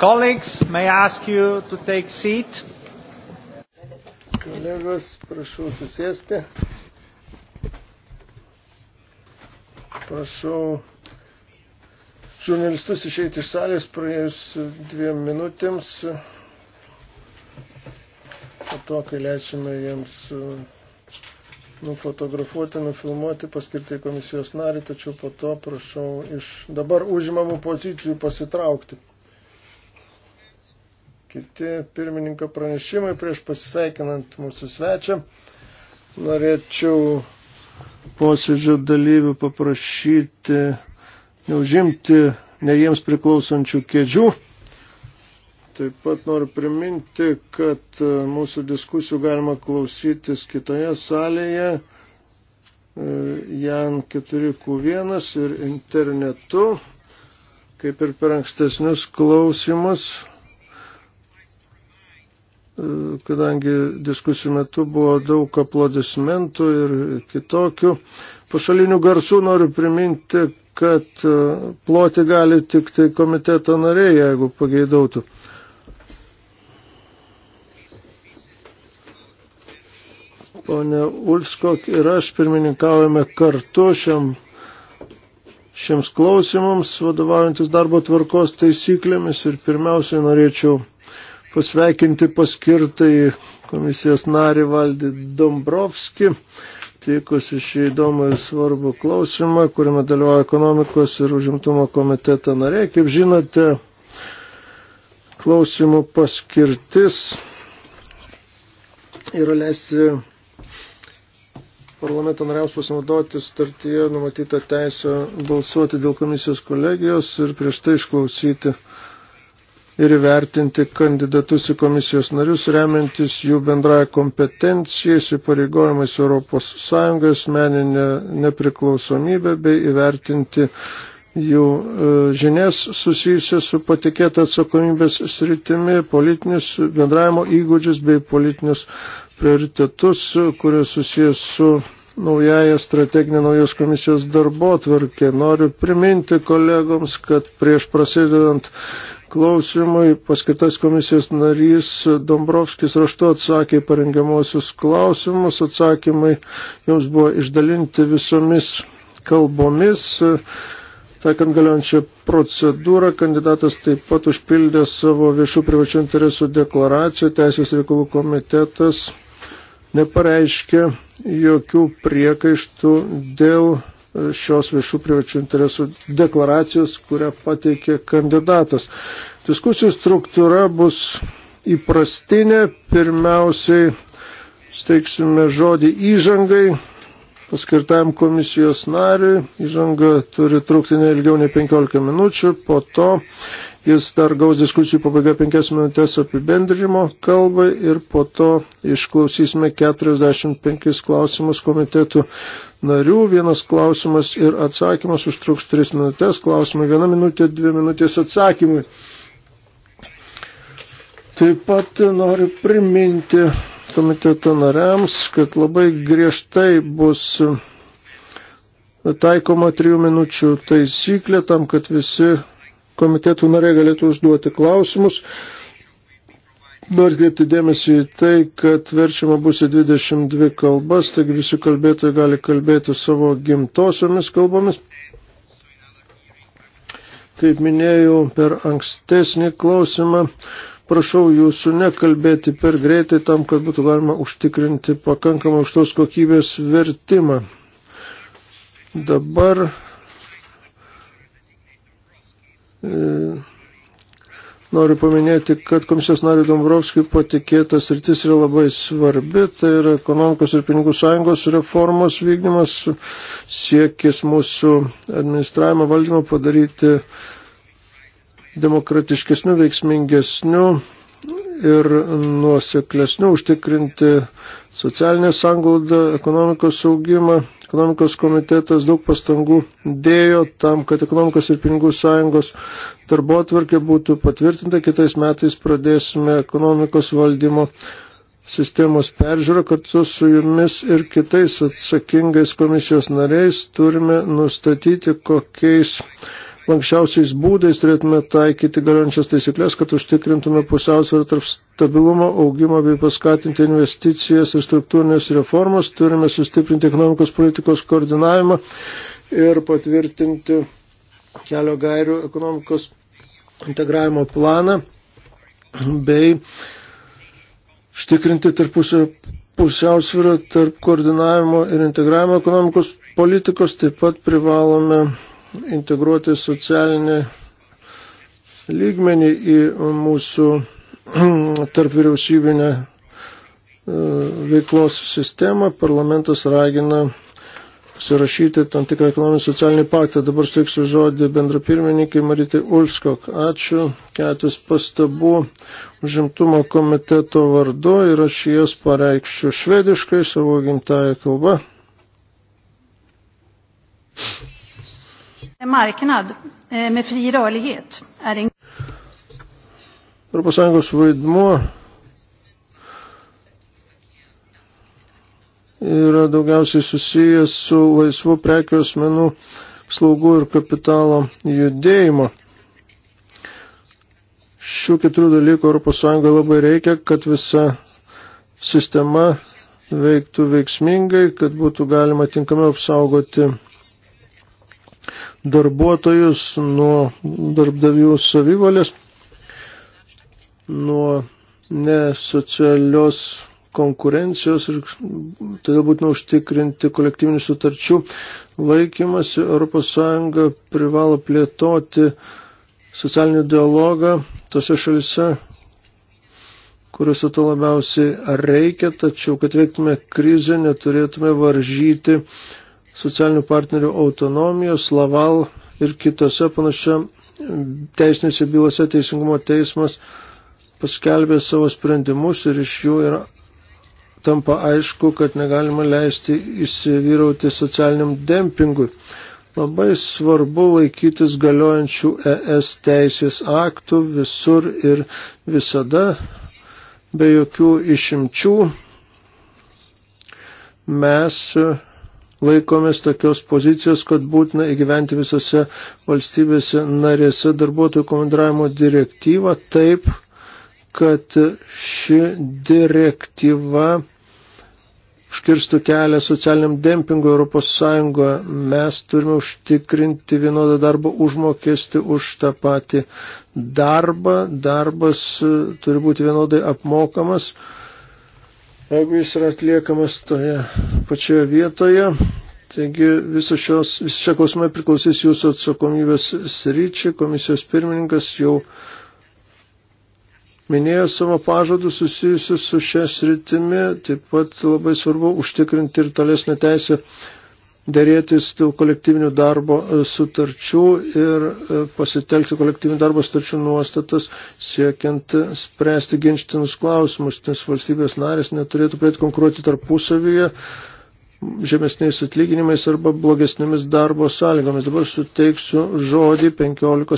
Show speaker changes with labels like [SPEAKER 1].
[SPEAKER 1] Colleagues, may I ask you to take seat? Kolegos, prašau susėsti. Prašau žurnalistus išeiti iš salės praėjus dviem minutėms. Po to, kai leisime jiems uh, nufotografuoti, nufilmuoti paskirtai komisijos narį, tačiau po to prašau iš dabar užimamų pozicijų pasitraukti kiti pirmininko pranešimai prieš pasveikinant mūsų svečią. Norėčiau posėdžio dalyvių paprašyti neužimti ne jiems priklausančių kėdžių. Taip pat noriu priminti, kad e, mūsų diskusijų galima klausytis kitoje salėje e, Jan 4Q1 ir internetu, kaip ir per ankstesnius klausimus kadangi diskusijų metu buvo daug aplodismentų ir kitokių pašalinių garsų, noriu priminti, kad e, ploti gali tik tai komiteto nariai, jeigu pageidautų. Pone Ulskok ir aš pirmininkaujame kartu šiam, šiems klausimams, vadovaujantis darbo tvarkos taisyklėmis ir pirmiausiai norėčiau pasveikinti paskirtai komisijos narį Valdį Dombrovskį, atvykus iš įdomų ir svarbų klausimą, kuriame dalyvauja ekonomikos ir užimtumo komiteto nariai. Kaip žinote, klausimų paskirtis yra leisti parlamento nariams pasinaudoti sutartyje numatytą teisę balsuoti dėl komisijos kolegijos ir prieš tai išklausyti ir įvertinti kandidatus į komisijos narius, remiantis jų bendrąją kompetenciją, įsipareigojimais Europos Sąjungos, meninę nepriklausomybę bei įvertinti jų e, žinias susijusias su patikėta atsakomybės sritimi, politinius bendravimo įgūdžius bei politinius prioritetus, kurie susijęs su naująją strateginę naujos komisijos darbo tvarkę. Noriu priminti kolegoms, kad prieš prasidedant klausimui paskirtas komisijos narys Dombrovskis raštu atsakė į parengiamosius klausimus, atsakymai jums buvo išdalinti visomis kalbomis. Taikant galiojančią procedūrą, kandidatas taip pat užpildė savo viešų privačių interesų deklaraciją, Teisės reikalų komitetas nepareiškė jokių priekaištų dėl šios viešų privačių interesų deklaracijos, kurią pateikė kandidatas. Diskusijų struktūra bus įprastinė. Pirmiausiai steiksime žodį įžangai paskirtam komisijos nariui. Įžanga turi trukti ne ilgiau nei 15 minučių, po to jis dar gaus diskusijų pabaiga 5 minutės apibendrimo kalbai ir po to išklausysime 45 klausimus komitetų narių. Vienas klausimas ir atsakymas užtruks 3 minutės, klausimai 1 minutė, 2 minutės atsakymui. Taip pat noriu priminti komiteto nariams, kad labai griežtai bus taikoma trijų minučių taisyklė tam, kad visi komitetų nariai galėtų užduoti klausimus. Noriu atkreipti dėmesį į tai, kad verčiama bus į 22 kalbas, taigi visi kalbėtojai gali kalbėti savo gimtosiomis kalbomis. Kaip minėjau, per ankstesnį klausimą Prašau jūsų nekalbėti per greitai tam, kad būtų galima užtikrinti pakankamą aukštos kokybės vertimą. Dabar e, noriu paminėti, kad komisijos nariu Dombrovskijui patikėtas rytis yra labai svarbi, tai yra ekonomikos ir pinigų sąjungos reformos vykdymas, siekis mūsų administravimo valdymą padaryti demokratiškesnių, veiksmingesnių ir nuoseklesnių, užtikrinti socialinę sanglaudą, ekonomikos saugimą. Ekonomikos komitetas daug pastangų dėjo tam, kad ekonomikos ir pinigų sąjungos darbo atvarkė būtų patvirtinta. Kitais metais pradėsime ekonomikos valdymo sistemos peržiūrą kartu su jumis ir kitais atsakingais komisijos nariais turime nustatyti, kokiais lankščiausiais būdais turėtume taikyti galiojančias taisyklės, kad užtikrintume pusiausvyrą tarp stabilumo, augimo bei paskatinti investicijas ir struktūrinės reformas. Turime sustiprinti ekonomikos politikos koordinavimą ir patvirtinti kelio gairių ekonomikos integravimo planą bei štikrinti tarpusio pusiausvyrą tarp koordinavimo ir integravimo ekonomikos politikos. Taip pat privalome integruoti socialinį lygmenį į mūsų tarp vyriausybinę e, veiklos sistemą. Parlamentas ragina pasirašyti tam tikrą ekonominį socialinį paktą. Dabar steiksiu žodį bendrapirmininkai Maritai Ulskok. Ačiū. Ketis pastabų užimtumo komiteto vardu ir aš jas pareikščiu švediškai savo gimtają kalbą marknad eh, med fri rörlighet är en... Europos Sąjungos vaidmuo yra daugiausiai susijęs su laisvu prekių asmenų slaugų ir kapitalo judėjimo. Šių keturių dalykų ES labai reikia, kad visa sistema veiktų veiksmingai, kad būtų galima tinkamiau apsaugoti darbuotojus nuo darbdavių savivalės, nuo nesocialios konkurencijos ir todėl būtina užtikrinti kolektyvinių sutarčių laikymasi. ES privalo plėtoti socialinį dialogą tose šalise, kuriuose to labiausiai reikia, tačiau kad veiktume krizę, neturėtume varžyti uh, socialinių partnerių autonomijos, Laval ir kitose panašia teisinėse bylose teisingumo teismas paskelbė savo sprendimus ir iš jų yra tampa aišku, kad negalima leisti įsivyrauti socialiniam dempingui. Labai svarbu laikytis galiojančių ES teisės aktų visur ir visada, be jokių išimčių. Mes laikomės tokios pozicijos, kad būtina įgyventi visose valstybėse narėse darbuotojų komandiravimo direktyvą taip, kad ši direktyva užkirstų kelią socialiniam dempingui Europos Sąjungoje, mes turime užtikrinti vienodą darbo užmokestį už tą patį darbą. Darbas turi būti vienodai apmokamas jeigu jis yra atliekamas toje pačioje vietoje. Taigi visos šios, visi šie klausimai priklausys jūsų atsakomybės sryčiai. Komisijos pirmininkas jau minėjo savo pažadus susijusius su šia sritimi. Taip pat labai svarbu užtikrinti ir tolesnę teisę dėrėtis dėl kolektyvinių darbo e, sutarčių ir e, pasitelkti kolektyvinių darbo sutarčių nuostatas, siekiant e, spręsti ginčtinus klausimus, nes valstybės narės neturėtų pradėti konkuruoti tarpusavyje žemesniais atlyginimais arba blogesnėmis darbo sąlygomis. Dabar suteiksiu žodį 15